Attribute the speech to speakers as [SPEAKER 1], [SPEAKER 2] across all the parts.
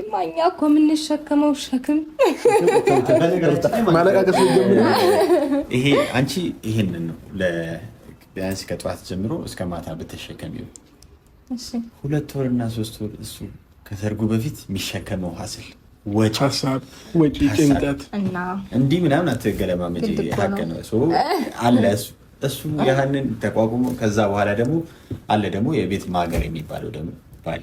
[SPEAKER 1] እኛ እኮ የምንሸከመው ሸክም
[SPEAKER 2] ይሄ አንቺ ይሄንን ነው ቢያንስ ከጠዋት ጀምሮ እስከ ማታ ብትሸከም
[SPEAKER 1] ይሁን
[SPEAKER 2] ሁለት ወር እና ሶስት ወር እሱ ከሰርጉ በፊት የሚሸከመው ሀስል ወጪ ጭንቀት እንዲህ ምናምን አትገለማመጪ ሀቅ ነው አለ እሱ እሱ ያህንን ተቋቁሞ ከዛ በኋላ ደግሞ አለ ደግሞ የቤት ማገር የሚባለው ደግሞ ባል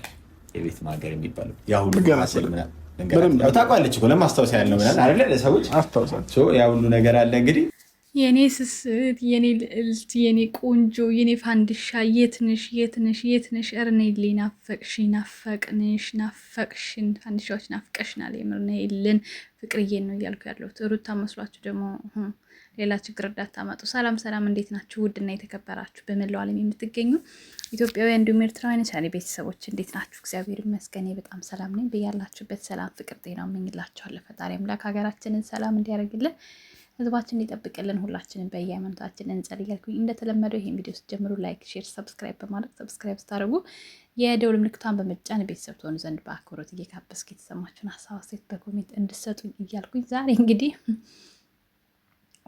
[SPEAKER 2] የቤት ማገር የሚባለው ያ ታውቃለች። ለማስታወስ ያለው ለሰዎች ያ ሁሉ ነገር አለ እንግዲህ
[SPEAKER 1] የኔ ስስት የኔ ልዕልት የኔ ቆንጆ የኔ ፋንድሻ የትንሽ የትንሽ የትንሽ እርኔ ሌ ናፈቅሽ ናፈቅንሽ ናፈቅሽን ፋንድሻዎች ናፍቀሽናል። የምርነ የልን ፍቅርዬን ነው እያልኩ ያለሁት። ሩታ መስሏችሁ ደግሞ ሌላ ችግር እርዳታ ሰላም ሰላም፣ እንዴት ናችሁ? ውድና የተከበራችሁ በመላው ዓለም የምትገኙ ኢትዮጵያውያን እንዲሁም ኤርትራውያን ቻሌ ቤተሰቦች እንዴት ናችሁ? እግዚአብሔር ይመስገን በጣም ሰላም ነኝ። በያላችሁበት ሰላም፣ ፍቅር፣ ጤናው እመኝላችኋለሁ። ፈጣሪ አምላክ ሀገራችንን ሰላም እንዲያደርግልን ህዝባችን ይጠብቅልን ሁላችንን በየሃይማኖታችን እንጸል እያልኩኝ እንደተለመደው ይህን ቪዲዮ ስትጀምሩ ላይክ፣ ሼር፣ ሰብስክራይብ በማድረግ ሰብስክራይብ ስታደርጉ የደውል ምልክቷን በመጫን ቤተሰብ ትሆኑ ዘንድ በአክብሮት እየጋበዝኩ የተሰማችሁን ሀሳብ አስተያየት በኮሜንት እንድሰጡኝ እያልኩኝ ዛሬ እንግዲህ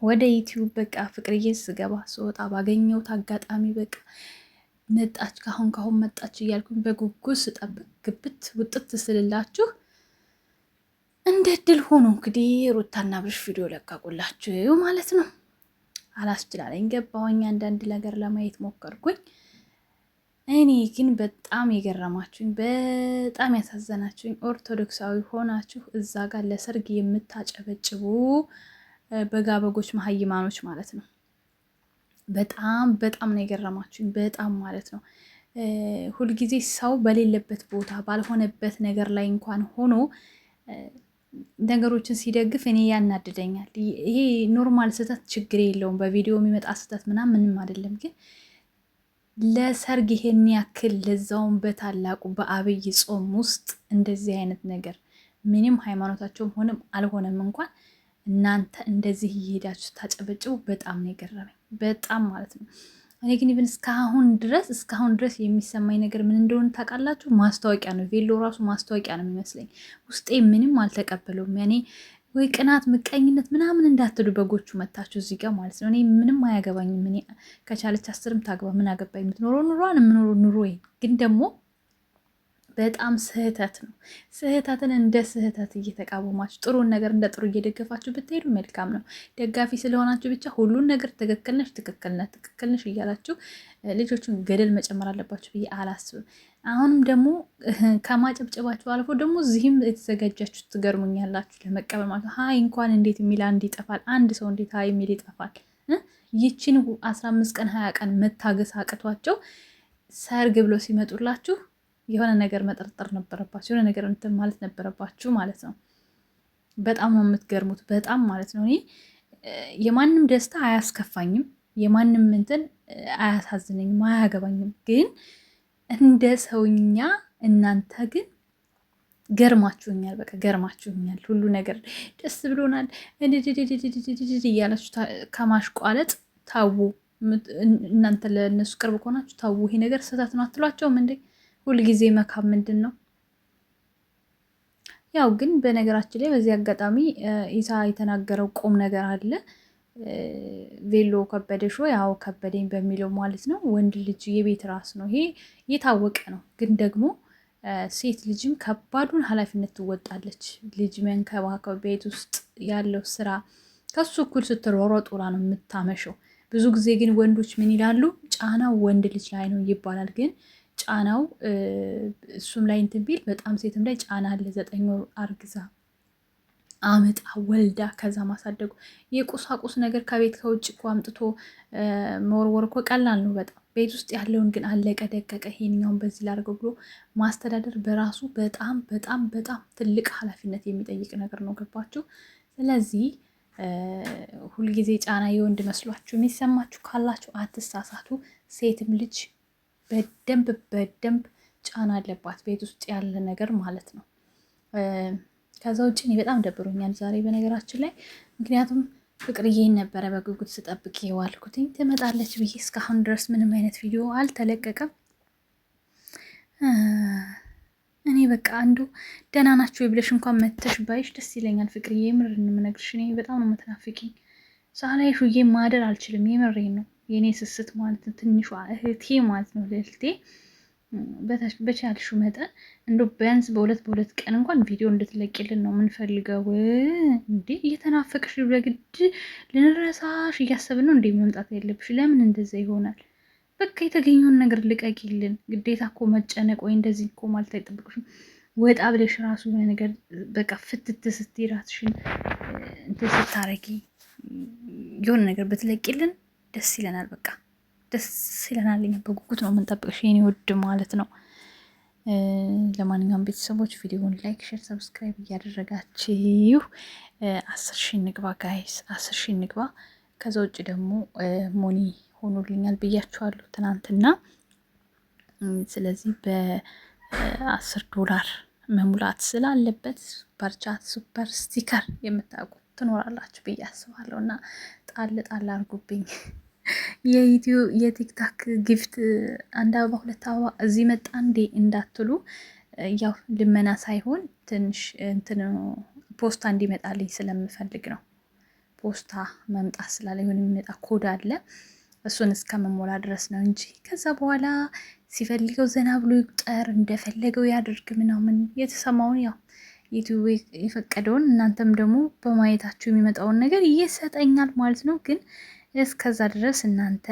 [SPEAKER 1] ወደ ዩቲዩብ በቃ ፍቅርዬ ስገባ ስወጣ ባገኘሁት አጋጣሚ በቃ መጣች ካሁን ካሁን መጣች እያልኩኝ በጉጉት ስጠብቅ ግብት ውጥት ስልላችሁ እንደ እድል ሆኖ እንግዲህ ሩታና ብርሽ ቪዲዮ ለቀቁላችሁ ማለት ነው። አላስችላለኝ ገባሁኝ። አንዳንድ ነገር ለማየት ሞከርኩኝ። እኔ ግን በጣም የገረማችሁኝ በጣም ያሳዘናችሁኝ ኦርቶዶክሳዊ ሆናችሁ እዛ ጋር ለሰርግ የምታጨበጭቡ በጋበጎች መሀይማኖች ማለት ነው። በጣም በጣም ነው የገረማችሁኝ በጣም ማለት ነው። ሁልጊዜ ሰው በሌለበት ቦታ ባልሆነበት ነገር ላይ እንኳን ሆኖ ነገሮችን ሲደግፍ እኔ ያናድደኛል። ይሄ ኖርማል ስህተት ችግር የለውም በቪዲዮ የሚመጣ ስህተት ምናምን ምንም አይደለም። ግን ለሰርግ ይሄን ያክል ለዛውን በታላቁ በአብይ ጾም ውስጥ እንደዚህ አይነት ነገር ምንም ሃይማኖታቸውም ሆነም አልሆነም እንኳን እናንተ እንደዚህ እየሄዳችሁ ታጨበጭቡ በጣም ነው የገረመኝ። በጣም ማለት ነው እኔ ግን ኢቨን እስካሁን ድረስ እስካሁን ድረስ የሚሰማኝ ነገር ምን እንደሆነ ታውቃላችሁ? ማስታወቂያ ነው። ቬሎ ራሱ ማስታወቂያ ነው የሚመስለኝ። ውስጤ ምንም አልተቀበለውም። ያኔ ወይ ቅናት፣ ምቀኝነት ምናምን እንዳትሉ በጎቹ መታችሁ እዚህ ጋር ማለት ነው። እኔ ምንም አያገባኝም። እኔ ከቻለች አስርም ታግባ ምን አገባኝ? የምትኖረው ኑሯን የምኖረው ኑሮ ግን ደግሞ በጣም ስህተት ነው። ስህተትን እንደ ስህተት እየተቃወማችሁ ጥሩን ነገር እንደ ጥሩ እየደገፋችሁ ብትሄዱ መልካም ነው። ደጋፊ ስለሆናችሁ ብቻ ሁሉን ነገር ትክክል ነሽ፣ ትክክል ነሽ፣ ትክክል ነሽ እያላችሁ ልጆቹን ገደል መጨመር አለባችሁ ብዬ አላስብም። አሁንም ደግሞ ከማጨብጨባችሁ አልፎ ደግሞ እዚህም የተዘጋጃችሁ ትገርሙኛላችሁ ለመቀበል ማለት ሀይ እንኳን እንዴት የሚል አንድ ይጠፋል። አንድ ሰው እንዴት ሀይ የሚል ይጠፋል። ይችን አስራ አምስት ቀን ሀያ ቀን መታገስ አቅቷቸው ሰርግ ብሎ ሲመጡላችሁ የሆነ ነገር መጠርጠር ነበረባችሁ፣ የሆነ ነገር እንትን ማለት ነበረባችሁ ማለት ነው። በጣም ነው የምትገርሙት፣ በጣም ማለት ነው። እኔ የማንም ደስታ አያስከፋኝም፣ የማንም እንትን አያሳዝነኝም፣ አያገባኝም። ግን እንደ ሰውኛ እናንተ ግን ገርማችሁኛል። በቃ ገርማችሁኛል። ሁሉ ነገር ደስ ብሎናል እያላችሁ ከማሽቋለጥ ታው እናንተ ለእነሱ ቅርብ ከሆናችሁ ታው ይሄ ነገር ስህተት ነው አትሏቸውም እንዴ? ሁልጊዜ መካብ ምንድን ነው? ያው ግን በነገራችን ላይ በዚህ አጋጣሚ ኢሳ የተናገረው ቁም ነገር አለ። ቬሎ ከበደ ሾ ያው ከበደኝ በሚለው ማለት ነው። ወንድ ልጅ የቤት ራስ ነው፣ ይሄ የታወቀ ነው። ግን ደግሞ ሴት ልጅም ከባዱን ኃላፊነት ትወጣለች። ልጅ መንከባከብ፣ ቤት ውስጥ ያለው ስራ ከሱ እኩል ስትሮሮ ጡራ ነው የምታመሸው። ብዙ ጊዜ ግን ወንዶች ምን ይላሉ? ጫናው ወንድ ልጅ ላይ ነው ይባላል። ግን ጫናው እሱም ላይ እንትን ቢል በጣም ሴትም ላይ ጫና አለ። ዘጠኝ ወር አርግዛ አመጣ ወልዳ ከዛ ማሳደጉ የቁሳቁስ ነገር ከቤት ከውጭ እኮ አምጥቶ መወርወር እኮ ቀላል ነው በጣም ቤት ውስጥ ያለውን ግን አለቀ ደቀቀ፣ ይሄኛውን በዚህ ላድርገው ብሎ ማስተዳደር በራሱ በጣም በጣም በጣም ትልቅ ኃላፊነት የሚጠይቅ ነገር ነው። ገባችሁ? ስለዚህ ሁልጊዜ ጫና የወንድ መስሏችሁ የሚሰማችሁ ካላችሁ አትሳሳቱ። ሴትም ልጅ በደንብ በደንብ ጫና አለባት፣ ቤት ውስጥ ያለ ነገር ማለት ነው። ከዛ ውጭ እኔ በጣም ደብሮኛል ዛሬ በነገራችን ላይ ምክንያቱም ፍቅርዬን ነበረ በጉጉት ስጠብቅ የዋልኩትኝ ትመጣለች ብዬ እስካሁን ድረስ ምንም አይነት ቪዲዮ አልተለቀቀም። እኔ በቃ አንዱ ደህና ናቸው ብለሽ እንኳን መተሽ ባይሽ ደስ ይለኛል ፍቅር የምር ነው እኔ በጣም ነው የምትናፍቂኝ። ሳላይሽ ውዬ ማደር አልችልም። የምሬ ነው። የእኔ ስስት ማለት ነው ትንሿ እህቴ ማለት ነው ልልቴ በቻልሹ መጠን እንዶ ቢያንስ በሁለት በሁለት ቀን እንኳን ቪዲዮ እንድትለቂልን ነው የምንፈልገው። እንዴ እየተናፈቅሽ በግድ ልንረሳሽ እያሰብን ነው እንዴ? መምጣት ያለብሽ ለምን እንደዛ ይሆናል? በቃ የተገኘውን ነገር ልቀቂልን። ግዴታ እኮ መጨነቅ ወይ እንደዚህ እኮ ማለት አይጠብቅሽም። ወጣ ብለሽ ራሱ የሆነ ነገር በቃ ፍትት ስትይ ራስሽን እንትን ስታረጊ የሆነ ነገር ብትለቂልን ደስ ይለናል። በቃ ደስ ይለናል። እኛ በጉጉት ነው የምንጠብቅሽ የኔ ውድ ማለት ነው። ለማንኛውም ቤተሰቦች ቪዲዮውን ላይክ፣ ሼር፣ ሰብስክራይብ እያደረጋችሁ አስር ሺህ ንግባ ጋይስ፣ አስር ሺህ ንግባ። ከዛ ውጭ ደግሞ ሞኒ ሆኖልኛል ብያችኋለሁ ትናንትና። ስለዚህ በአስር ዶላር መሙላት ስላለበት ሱፐር ቻት፣ ሱፐር ስቲከር የምታውቁት ትኖራላችሁ ብዬ አስባለሁ እና ጣል ጣል አድርጉብኝ። የዩትዩ የቲክታክ ጊፍት አንድ አበባ ሁለት አበባ እዚህ መጣ እንዴ እንዳትሉ፣ ያው ልመና ሳይሆን ትንሽ እንትን ፖስታ እንዲመጣልኝ ስለምፈልግ ነው። ፖስታ መምጣት ስላለ የሆነ የሚመጣ ኮድ አለ እሱን እስከምሞላ ድረስ ነው እንጂ ከዛ በኋላ ሲፈልገው ዘና ብሎ ይቁጠር እንደፈለገው ያደርግ ምናምን የተሰማውን ያው ዩቲዩብ የፈቀደውን እናንተም ደግሞ በማየታችሁ የሚመጣውን ነገር ይሰጠኛል ማለት ነው። ግን እስከዛ ድረስ እናንተ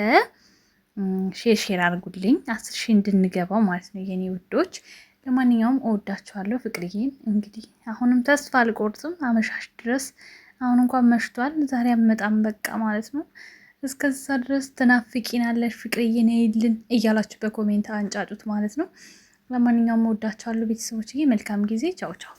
[SPEAKER 1] ሼር ሼር አድርጉልኝ አስር ሺህ እንድንገባው ማለት ነው የኔ ውዶች። ለማንኛውም እወዳችኋለሁ ፍቅርዬን። እንግዲህ አሁንም ተስፋ አልቆርጥም። አመሻሽ ድረስ አሁን እንኳን መሽቷል። ዛሬ አመጣም በቃ ማለት ነው። እስከዛ ድረስ ትናፍቂናለሽ ፍቅርዬ ነይልን እያላችሁ በኮሜንት አንጫጩት ማለት ነው። ለማንኛውም ወዳችኋለሁ ቤተሰቦችዬ፣ መልካም ጊዜ። ቻው ቻው።